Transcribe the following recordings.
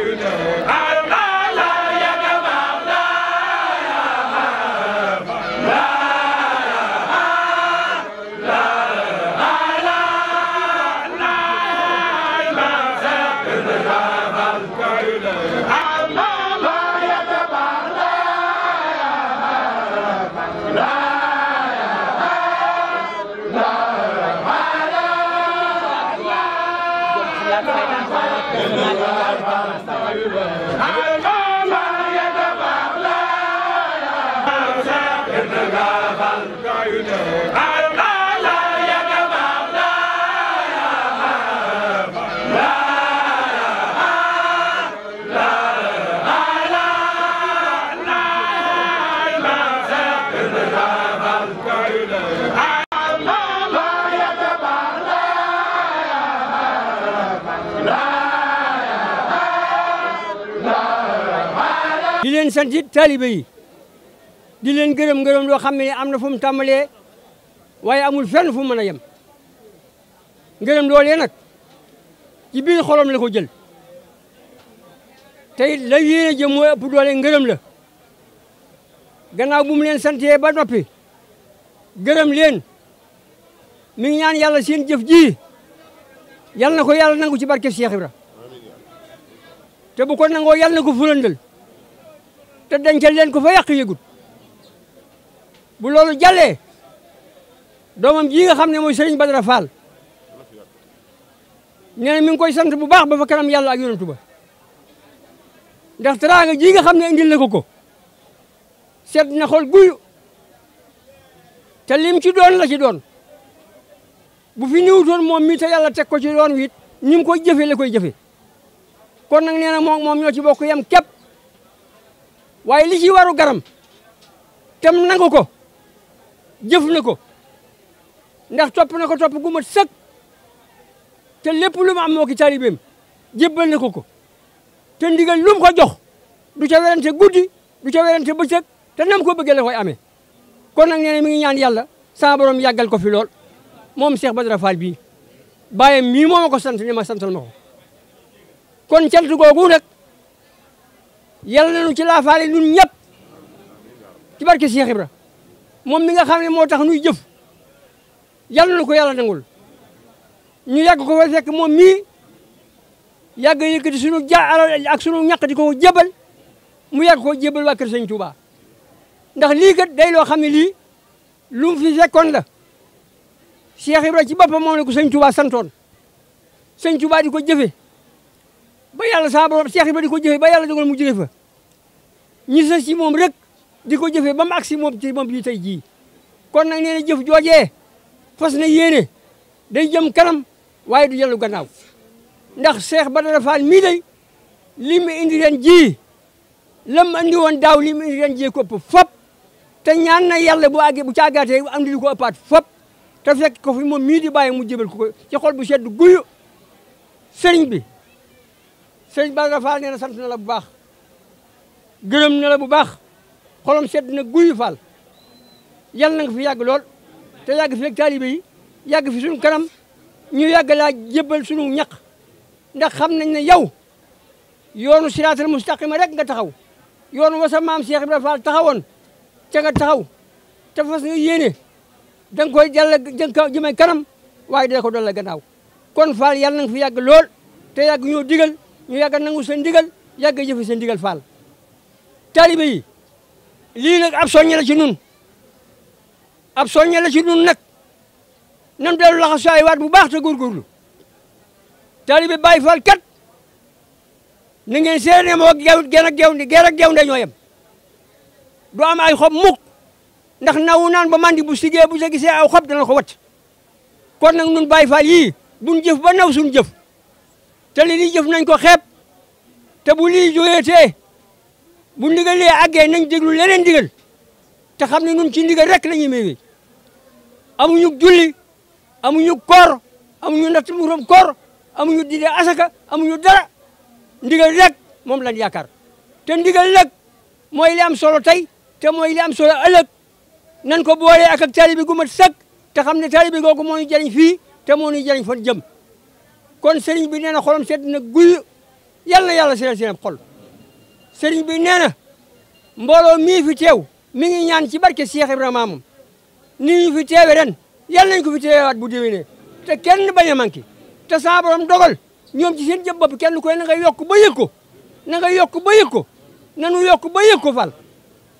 Union. sant it taalibe yi di leen gërëm ngërëm loo xam ne am na fu mu tàmbalee waaye amul fenn fu mu mën a yem ngërëm loolee nag ci biir xolam la ko jël te it la yéene jëm mooy doole ngërëm la gannaaw bu mu leen santee ba noppi gërëm leen mi ñaan yàlla seen jëf ji yàlla na ko yàlla nangu ci barke Cheikh Ibra te bu ko nangoo yàlla na ko te dencal leen ko fa yàq yëgut bu loolu jalee doomam jii nga xam ne mooy Serigne Badara Fall nee na mi koy sant bu baax ba fa kanam yàlla ak yonantu ba ndax teraanga ji nga xam ne indil na ko ko seet na xol guyu te lim ci doon la ci doon bu fi niwutoon moom mi te yàlla teg ko ci doon wit ni mu koy jëfe la koy kon nag nee na moom moom ñoo ci bokk yem képp waaye li ci waru garam tem nangu ko jëf na ko ndax topp na ko topp gu mat sëkk te lépp lu mu am moo ki taalibeem jébbal na ko ko te ndigal lu ko jox du ca werante guddi du ca werante bëccëg te nam ko bëggee la koy amee kon nag nee mi ngi ñaan yàlla sama borom yàggal ko fi lool moom Cheikh Badara Fall bii bàyyam mii moo ma ko sant ni ma santal ma ko kon cant googu nag yal na nu ci laafaale ñun ñëpp ci barke Cheikh Ibra moom mi nga xam ne moo tax nuy jëf yal na ko yàlla nangul ñu yàgg ko fa fekk moom mii yàgg yëkkati sunu ja ak sunu ñàkk di ko jébal mu yàgg ko jébal waa Kër Sëñ ndax lii kat day loo xam ne lii lu mu fi fekkoon la Cheikh ci boppam moom la ko Sëñ Touba santoon Sëñ Touba di ko jëfe ba yàlla saa borom yi ba di ko jëfee ba yàlla dogal mu jóge fa ñu sës ci moom rek di ko jëfee ba mu agsi moom ci moom bii tey jii kon nag nee na jooje joojee fas na yéene day jëm kanam waaye du yellu gannaaw ndax Cheikh Badara Fall mii day li mu indi ren ji lam andi woon daaw li mu indi ren ji kopp fop te ñaan na yàlla bu àggee bu caagaatee am di ko ëppaat fop te fekk ko fi moom mii di bàyyi mu jébal ko ci xol bu sedd guyu sëriñ bi sëñ Bara Fall nee na sant na la bu baax gërëm na bu baax xolom sedd na guyu Fall yal na fi yàgg lool te yàgg fi ak taalibe yi yàgg fi suñu kanam ñu yàgg laa jébbal suñu ñaq ndax xam nañ ne yow yoonu siraatal mustaqima rek nga taxaw yoonu wasa maam Cheikh Ibrahima Fall taxawoon ca nga taxaw te fas nga yéene da nga koy jàll jënka jëmay kanam waaye dina ko doon la gannaaw kon Fall yal na nga fi yàgg lool te yàgg ñoo digal ñu yàgg a nangu sa ndigal yàgg a jëfe sa ndigal faal taalibe yi lii nag ab soññe la ci nun ab soññe la ci nun nag nan dellu laxasuwaay waat bu baax te góorgóorlu taalibe Baay Faal kat na ngeen seet ne moo gew geen ak gew geen ak gew nde ñoo yem du am ay xob mukk ndax nawu naan ba mandi bu sigee bu sa gisee aw xob dana ko wat kon nag nun Baay Faal yii buñ jëf ba naw suñ jëf te li ñuy jëf nañ ko xeeb te bu li lii te bu ndigal lee àggee nañ déglu leneen ndigal te xam ne nun ci ndigal rek la ñuy méwee amuñu julli amuñu koor amuñu natt muram koor amuñu dide asaka amuñu dara ndigal rek moom lañ yaakaar te ndigal nag mooy li am solo tey te mooy li am solo ëllëg nan ko boolee ak ak taalibe gu mat sëkk te xam ne taalibe googu mooy ñu jëriñ fii te moo ñu jëriñ jëm kon sëriñ bi nee na xolam sedd na guy yal na yàlla seen seen xol seriñ bi nee na mbooloo mii fi teew mii ngi ñaan ci barke Cheikh Ibrahima moom ni ñu fi teewe ren yal nañ ko fi teewaat bu déwénee te kenn bañ a manqué te saa borom dogal ñoom ci seen jëm bopp kenn koy na nga yokk ba yëg ko na nga yokk ba yëg ko nanu yokk ba yëg ko Fall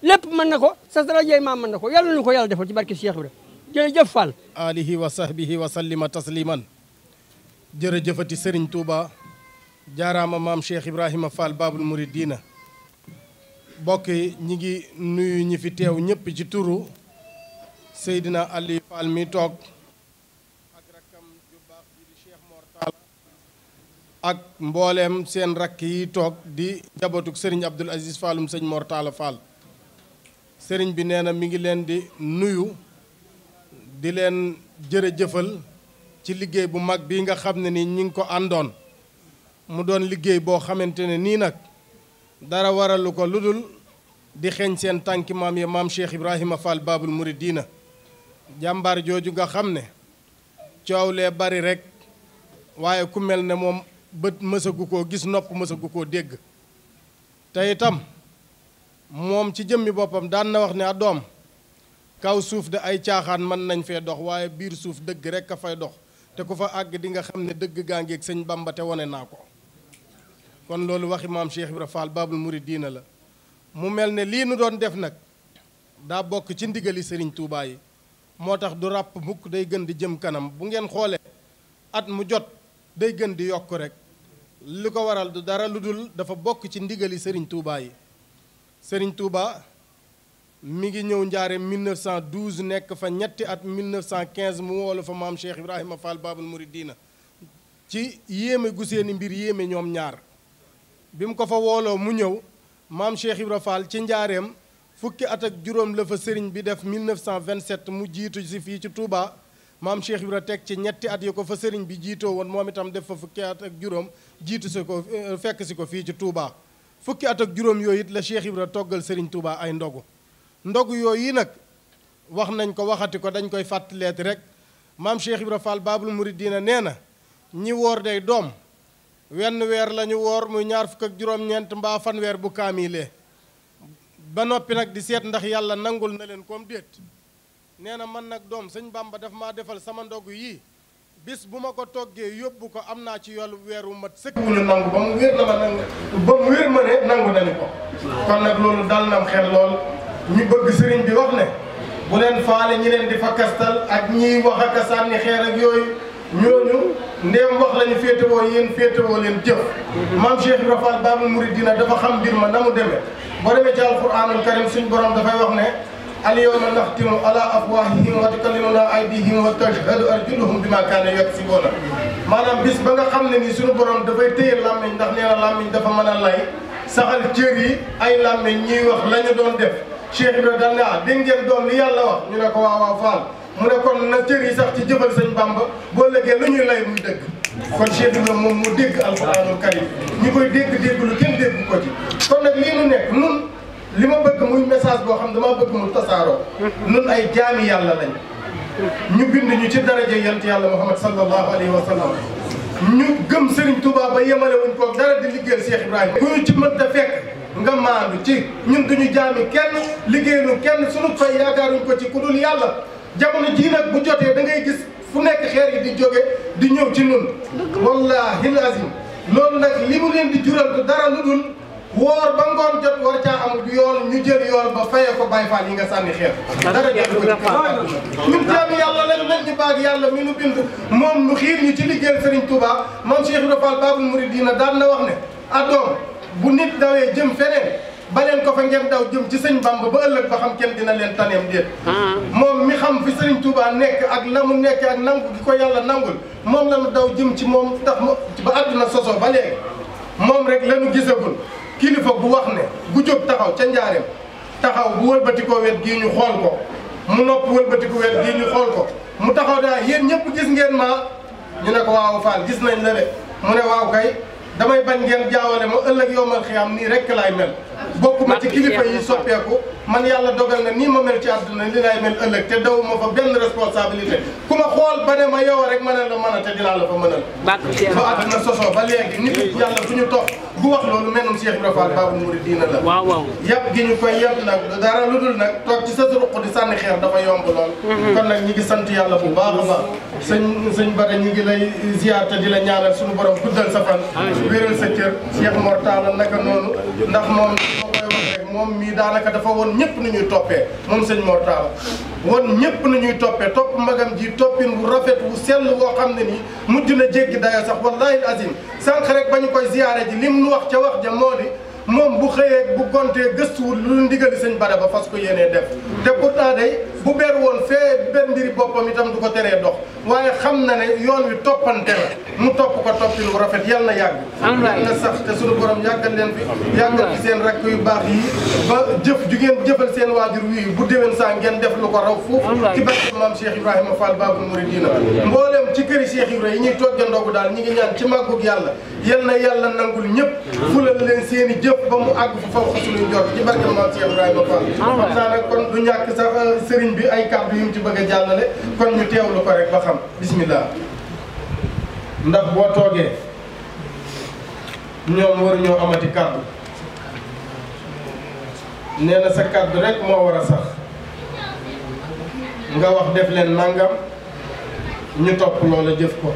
lépp mën na ko sa darajey maam mën na ko yàlla nañu ko yalla defal ci barke Cheikh Ibrahima jërëjëf Fall alihi wa sahbihi wa sallima tasliman jërëjëfati sëriñ Touba jaaraama maam Cheikh Ibrahima Fall Babul Mouridina bokk ñi ngi nuyu ñi fi teew ñëpp ci turu Seydina Ali Fall mi toog ak rakkam mbooleem seen rakk yi toog di jabotuk sëriñ Abdul Aziz Fallum sëñ Mor Talla sëriñ bi nee na mi ngi leen di nuyu di leen jërëjëfal ci liggéey bu mag bii nga xam ne ni ñu ngi ko àndoon mu doon liggéey boo xamante ne nii nag dara waralu ko lu dul di xeeñ seen tànki maam ya maam Cheikh Ibrahima Fall Babul Mouridina jàmbaar jooju nga xam ne coow lee bari rek waaye ku mel ne moom bët mësagu koo gis nopp mësagu koo dégg te itam moom ci jëmmi boppam daan na wax ne a doom kaw suuf de ay caaxaan mën nañ fee dox waaye biir suuf dëgg rek a fay dox te ku fa àgg di nga xam ne dëgg gaa ngeeg sëñ Bamba te wane naa ko kon loolu waxi maam Cheikh Ibra Fall Baabul Muridiina la mu mel ne lii nu doon def nag daa bokk ci ndigali sëriñ Touba yi moo tax du ràpp mukk day gën di jëm kanam bu ngeen xoolee at mu jot day gën di yokk rek li ko waral du dara lu dul dafa bokk ci ndigali sëriñ Touba yi sëriñ tuubaa mi ngi ñëw njaare 1912 nekk fa ñetti at 1915 mu woolu fa maam Cheikh Ibrahima Fall Babul Mouridina ci yéeme gu seeni mbir yéeme ñoom ñaar bi mu ko fa wooloo mu ñëw maam Cheikh Ibra Fall ci njaareem fukki at ak juróom la fa sëriñ bi def 1927 mu jiitu si fii ci Touba maam Cheikh Ibra teg ci ñetti at yi ko fa sëriñ bi jiitoo woon moom itam def fa fukki at ak juróom jiitu si ko fekk si ko fii ci Touba fukki at ak juróom yooyu it la Cheikh Ibra toggal sëriñ Touba ay ndogu ndogu yooyu nag wax nañ ko waxati ko dañ koy fàttaleeti rekk maam Cheikh Ibra Fall Baabul Muridina nee na ñi woor day doom wenn weer lañu woor muy ñaar fukk ak juróom-ñeent mbaa fanweer bu kaamilee ba noppi nag di seet ndax yàlla nangul na leen koom déet nee na man nag doom sëñ Bamba daf maa defal sama ndogu yii bis bu ma ko toggee yóbbu ko am naa ci weer weeru mat sëkk wu ñu nangu ba mu wér na ma nangu ba mu wér ma ne nangu nañu ko kon nag ñu bëgg sëriñ bi wax ne bu leen faale ñi leen di fakkastal ak ñiy wax ak sànni xeer ak yooyu ñooñu ndéem wax lañu féetewoo yéen féetewoo leen jëf maam Cheikh Ibra Fall Baabul Muridiina dafa xam mbir ma na mu demee boo demee ci alquraanul karim suñ borom dafay wax ne al yawma naxtimu ala afwaahihim wa tukallimunaa aydihim wa tashhadu arjuluhum bimaa kaanu yaksibuuna maanaam bis ba nga xam ne suñu borom dafay téye làmmiñ ndax nee na làmmiñ dafa mën a lay saxal cër yi ay làmmiñ ñuy wax la ñu doon def Cheikh Ibra daan ne ah doom li yàlla wax ñu ne ko waaw mu ne na cër yi sax ci jëfal sëñ Bamba boo lëggee lu ñuy lay muy dëgg kon Cheikh Ibra moom mu dégg alxuraanul karim ñu koy dégg dégg lu kenn dégg ko ci kon lii nu nekk nun li ma bëgg muy message boo xam damaa bëgg mu tasaaroo nun ay jaami yàlla lañ ñu bind ñu ci daraja yant yàlla Muhammad sallallahu alayhi wa sallam ñu gëm Serigne Touba ba yemale wuñ ko dara di liggéeyal Cheikh Ibrahima ku ci nga maandu ci ñun ñu jaami kenn liggéeynu kenn sunu fay yaakaaruñ ko ci ku dul yàlla jamono jii nag bu jotee da ngay gis fu nekk xeer yi di jóge di ñëw ci nun wallahi lazim loolu nag li mu leen di jural du dara lu dul woor ba ngoon jot war caa am yoon ñu jël yoon ba fayee ko Baay Faal yi nga sànni xeer dara jël ko ci ñun jaami yàlla lañ len ñu baag yàlla mi nu bind moom mu xiir ñu ci liggéeyal Serigne Touba moom Cheikh Ibra Fall Babul Mouridina daan na wax ne addoom bu nit dawee jëm feneen baleen ko fa ngeen daw jëm ci sëñ Bamba ba ëllëg ba xam kenn dina leen taneem déet hmm. moom mi xam fi sëriñ Touba nekk ak la mu nekk ak ko yàlla nangul moom la nu daw jëm ci moom tax ba àdduna sosoo ba léegi moom rek la nu gisagul kilifa bu wax ne bu jóg taxaw ca njaareem taxaw bu wëlbatikoo wet gii ñu xool ko mu nopp wëlbatiku wet gii ñu xool ko mu taxaw daa yéen ñëpp gis ngeen ma ñu ne ko waaw Fall gis nañ la de mu ne waaw kay damay bañ ngeen jaawale ma ëllëg yombal xiyaam nii rekk laay mel bokk ma ci kilifa yi soppeeku man yàlla dogal na nii ma mel ci àdduna li lay mel ëllëg te daw ma fa benn responsabilité ku ma xool ba ne ma yow rek ma ne la mën a te dinaa la fa mënal ba àdduna sosoo ba léegi nit yàlla bu ñu tox bu wax loolu menum Cheikh Ibra Fall Baabul Muridiina la waaw waaw yàpp gi ñu koy yàpp nag dara lu dul nag toog ci sa ruq di sànni xeer dafa yomb lool mhm. kon nag ñi ngi sant yàlla bu baax a ba sa sëñ Bara ñu ngi lay ziar te di la ñaanal suñu borom sa fan wéral sa cër moom mii daanaka dafa won ñëpp nu ñuy toppee moom sëñ Mor Talla won ñëpp nu ñuy toppee topp magam ji toppin wu rafet wu sell woo xam ne nii mujj na jéggi dayo sax wallahi azim sànq rek ba ñu koy ziyaare ji li mu wax ca wax ja moo di moom bu xëyee bu gontee gëstuwul lu ndigali sëñ bare ba fas ko yéenee def te pourtant day bu ber woon fee benn mbiri boppam itam du ko teree dox waaye xam na ne yoon wi toppante la mu topp ko toppi lu rafet yal na yàgg yal na sax te sunu borom yàggal leen fi yàggal seen rakk yu baax yi ba jëf ju ngeen jëfal seen waajur wii bu déwén saa ngeen def lu ko raw foofu ci barke maam Cheikh Ibrahima Fall Babul Mouridina mboolem ci këri Cheikh Ibrahima yi ñuy tojjandoogu daal ñu ngi ñaan ci màggug yàlla yal na yàlla nangul ñëpp fulal leen seen i jëf ba mu àgg fa faw xasuluñ jot ci barke maam Cheikh Ibrahima Fall xam naa sëriñ bi ay kàddu yu mu ci bëgg a jàllale kon ñu teewlu ko rek ba xam bismillah ndax boo toogee ñoom waru ñoo amati kàddu nee na sa kàddu rek moo war a sax nga wax def leen nangam ñu topp loola jëf ko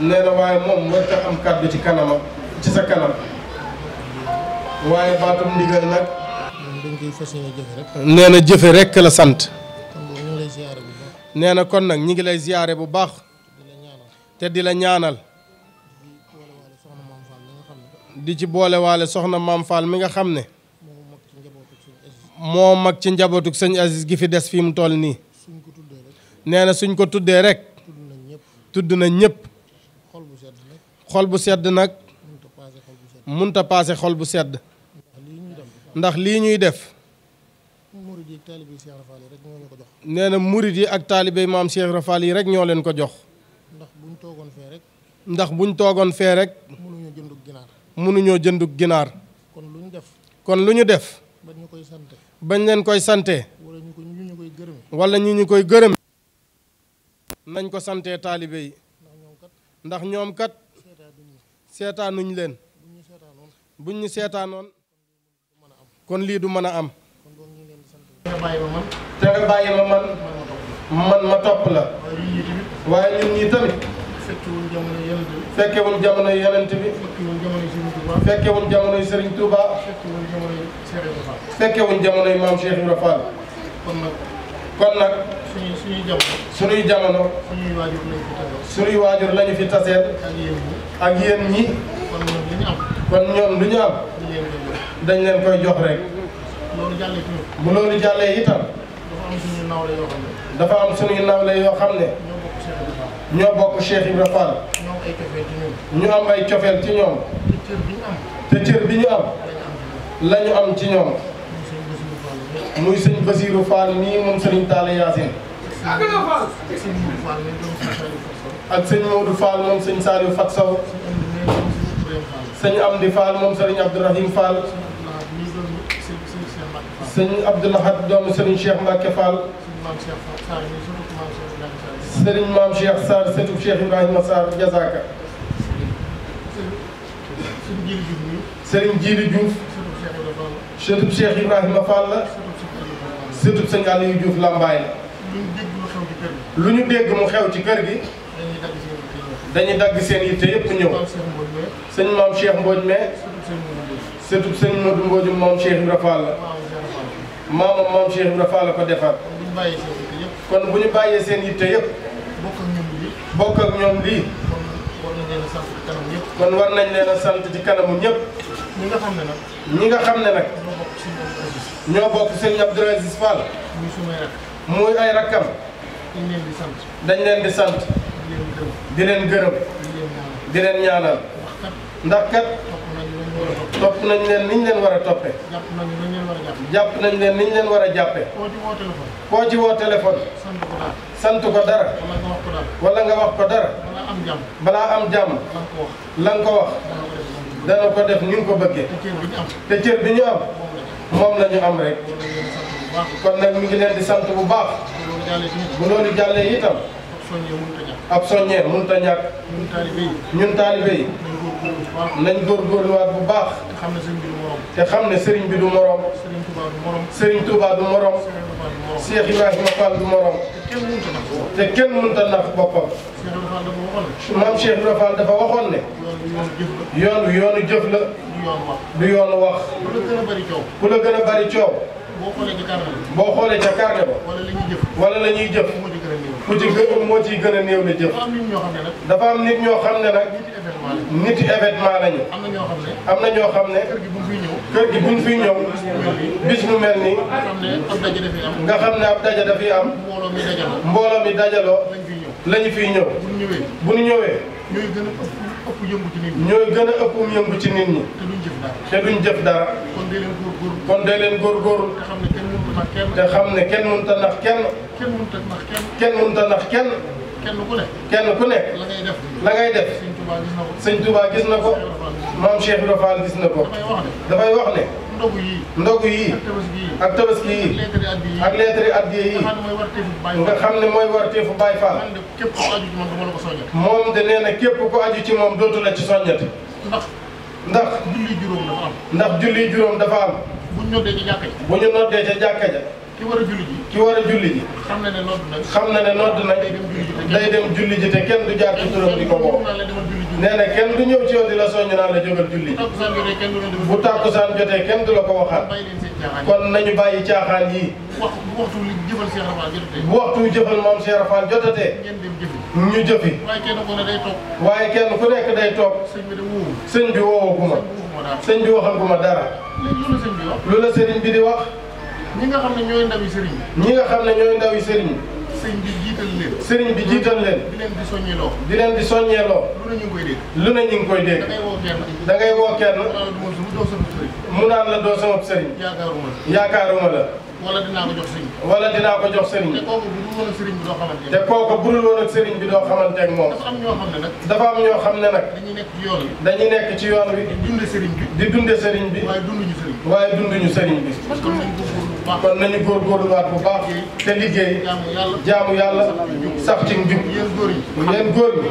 nee na waaye moom warta am kàddu ci kanamam ci sa kanam waaye baatum ndigal nag dañ koy fas jëfe rek. nee na jëfe rek la sant. nee na kon nag ñi ngi lay ziyaare bu baax. te di la ñaanal. di ci boolewaale soxna maam Fall mi nga xam ne. moo mag ci njabootug sëñ Aziz gi fi des fii mu toll nii. nee na suñ ko tuddee rek. tudd na ñépp xol bu sedd nag. munta paase xol bu sedd. ndax lii ñuy def. murid yi ak taalibe Cheikh yi rek ñoo ko jox. nee na murid yi ak taalibe maam Cheikh Ibra Fall yi rek ñoo leen ko jox. ndax buñ toogoon fee rek. ndax buñ toogoon fee rek. mënuñoo jëndug ginaar. mënuñoo jëndug ginaar. kon lu ñu def. kon lu ñu def. bañ ñu koy sante. bañ leen koy sante. wala ñu ñu koy gërëm. wala ñu ñu koy gërëm. nañ ko sante taalibe ndax ñoom kat. seetaanuñ leen. buñ ñu seetaanoon. kon lii du mën a am te nga ma man ma topp la waaye ñun ñii tamit fekkewul jamono yonent bi fekkewul jamono yi Serigne Touba fekkewul jamono yi maam Cheikh Ibra Fall kon nag su suñuy jamono suñuy jamono suñuy waajur lañu fi taseel suñuy waajur lañu ak yéen ñi kon ñu am dañ leen koy jox rek. loolu jàllee ci bu loolu jàllee itam. dafa am suñuy nawle yoo xam ne. ñoo bokk Cheikh Ibra Fall. ñu am ay cofeel ci ñoom. te cër bi ñu am. lañu am ci ñoom. muy sëñ Basiiru Fall nii moom sëriñ Talla Yaasin. ak sëñ Maodo Fall moom sëñ Saliou Fat Sow. sëñ Amdi Fall moom sëriñ Abdourahim Fall. sëñ Abdoulahat doomu Serigne Cheikh Mbacke Fall. Serigne maam Cheikh Sarr sëtu Cheikh Ibrahima Sarr Jazaaka. Serigne Djili Diouf. sëtu Cheikh Ibrahima Fall la. sëtu Lambaay lu ñu dégg mu xew ci kër gi. dañu dagg seen yitte yépp ñëw. sëñ maam Cheikh Mbodj mais. sëtu sëñ Modou Mbodj moom Cheikh Ibrahima maamam maam Cheikh Ibrahima Fall la ko defar. kon bu ñu bàyyee seen yitte yëpp. bokk ak ñoom lii. bokk ak kon war nañ leen sant ci kanamu ñëpp. ñi nga xam ne nag. ñi nga xam ne nag. ñoo bokk sëñ Abdoul Aziz Fall. muy sumay rakk. muy ay rakkam. dañ leen di sant. dañ leen di sant. di leen gërëm. di leen ñaanal. ndax kat. topp nañ leen niñ leen war a toppee. jàpp nañ leen niñ leen war jàppee. jàpp nañ leen niñ leen war a jàppee. koo ci woo téléphone. koo ci woo sant ko dara. sant ko dara. wala nga wax ko dara. balaa am jàmm. balaa am jàmm. la ko wax. dana ko def ni ko bëggee. te cër bi ñu am. moom lañu ñu am rek. kon nag mi ngi leen di sant bu baax. bu loolu jàllee itam. soññee a ab soññee mënut a ñàkk. ñun taalibe yi. ñun taalibe yi. nañ bu baax. te xam ne sëriñ bi du morom. xam ne sëriñ bi du moroom sëriñ Touba du morom. sëriñ Touba du morom. Cheikh Ibrahima Fall du morom. te kenn mënut a boppam. maam Cheikh Ibrahima Fall dafa waxoon ne. yoon wi yoonu jëf la. du yoonu wax. ku la gën a bari coow. boo xoolee ca ba. wala la jëf. ku ci gën moo ciy gën a néew la jëf. dafa am nit ñoo xam ne nag. nit événement lañu. am na ñoo xam ne. am na ñoo xam ne. kër gi buñ fiy ñëw. kër gi buñ fiy ñëw. bis mu mel nii. nga xam ne ab daja dafiy am. mbooloo mi dajaloo. mbooloo mi dajaloo. lañu fiy ñëw. bu ñu ñëwee. ñooy gën a ëpp yëngu ci nit ñi. gën a ëpp yëngu ci nit ñi. te duñ jëf dara. te kon dee leen góorgóorlu. kon te xam ne kenn mënut a nax kenn. kenn mun a nax kenn. kenn ku nekk kenn la ngay def la ngay gis na ko. sëñ Touba gis na ko. maam Cheikh Ibra gis na ko. dafay wax ne. ndogu yii. ndogu yii. ak tabaski yii. ak lettre addiya yii. nga xam ne mooy warteefu Baye Fall. moom de nee na képp ku ci moom dootu la ci soññati. ndax. ndax. julli juróom ndax julli juróom dafa am. bu ñu noddee ca jàkka ja. bu ñu noddee ca jàkka ja. ki war a julli ji. xam na ne nodd na. xam na ne nodd na day dem julli ji te kenn du jaar ci di ko woo. nee na kenn du ñëw ci yow di la soññu naan la jógal julli bu tàkkusaan jotee kenn du la ko waxaat kon nañu bàyyi caaxaan yi bu waxtu jëfal moom Cheikh Rafal jotatee ñu jëfi waaye kenn ku nekk day toog sëñ bi woowu ko ma sëñ bi waxal ko ma dara. lu la sëñ bi sëriñ bi di wax. ñi nga xam ne ñooy ndawi sëriñ. ñi nga xam ne ñooy ndawi bi jiital leen. sëriñ bi jiital leen. di leen di soññeeloo. di leen di soññeeloo. lu ne ñu koy dégg. lu ne ñu ngi koy dégg. woo kenn. mu naan la doo sama sëriñ. yaakaaruma la. wala dinaa ko jox sëriñ bi. wala dinaa ko jox sëriñ bi. te kooku budul woon ak sëriñ bi doo xamante ne. ne moom. dafa am ñoo xam ne nag. dafa am ñoo nekk ci yoon wi. dañuy nekk ci yoon wi. bi. di dunde sëriñ bi. waaye dunduñu sëriñ bi. waaye dunduñu góor góor kon nañu góorgóorluwaat bu baax. te liggéey jaamu yàlla sax ci njub yéen góor yi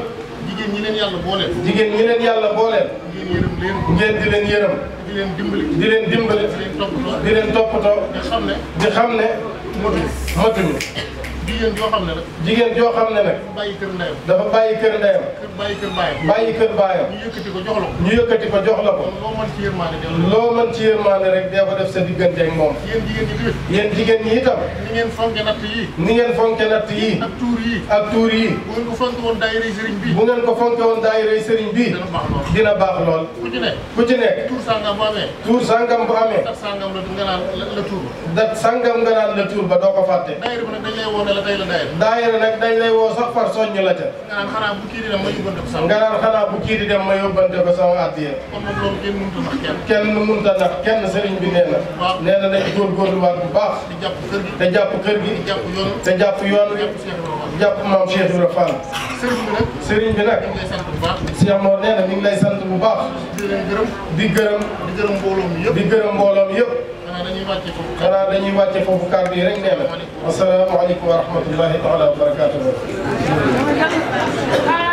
jigéen ñi leen yàlla booleel. jigéen ñi leen yàlla booleel. ngeen di leen yërëm. di leen dimbali. di leen dimbali. di leen toppatoo. di leen toppatoo. di xam ne. di xam ne motuñu motuñu. jigéen joo xam ne nag. jigéen joo xam ne nag. dafa bàyyi kër ndeyam. dafa bàyyi kër ndeyam. bàyyi kër baayam. bàyyi ñu yëkkati ko jox la ko. ñu yëkkati la ko. loo mën ci yërmaane rek dee ko def sa diggante ak moom. yéen jigéen ñi tamit. ñi itam. ni ngeen fonke natt yii. ni ngeen fonke natt yii. ak tuur yii. ak tuur yii. bu ngeen ko fonke woon daayira sëriñ bi. bu ngeen ko fonke woon daayira sëriñ bi. dina baax lool. ku ci nekk. ku ci nekk. tuur sangam bu amee. tuur sangam bu amee. dat sangam nga naan la tuur ba. doo ko fàtte. nga la day la daayira. daayira nag dañ lay woo sax far soññ la ca. nga naan bu kii di dem ma yóbbante ko sama. nga naan xanaa bu kii nag kenn a nax kenn. kenn mënut kenn sëriñ bi nee na. waaw nee na nañ góorgóorluwaat bu baax. te jàpp kër gi te jàpp kër gi. te jàpp yoon te jàpp yoon sëriñ bi nag. sëriñ bi nag. Cheikh Mor lay sant bu baax. di gërëm di gërëm mbooloo mi yëpp xanaa dañuy wàcce foofu kàddu yi rek nee na asalaamaaleykum wa rahmatullahi taala wa barakaatuh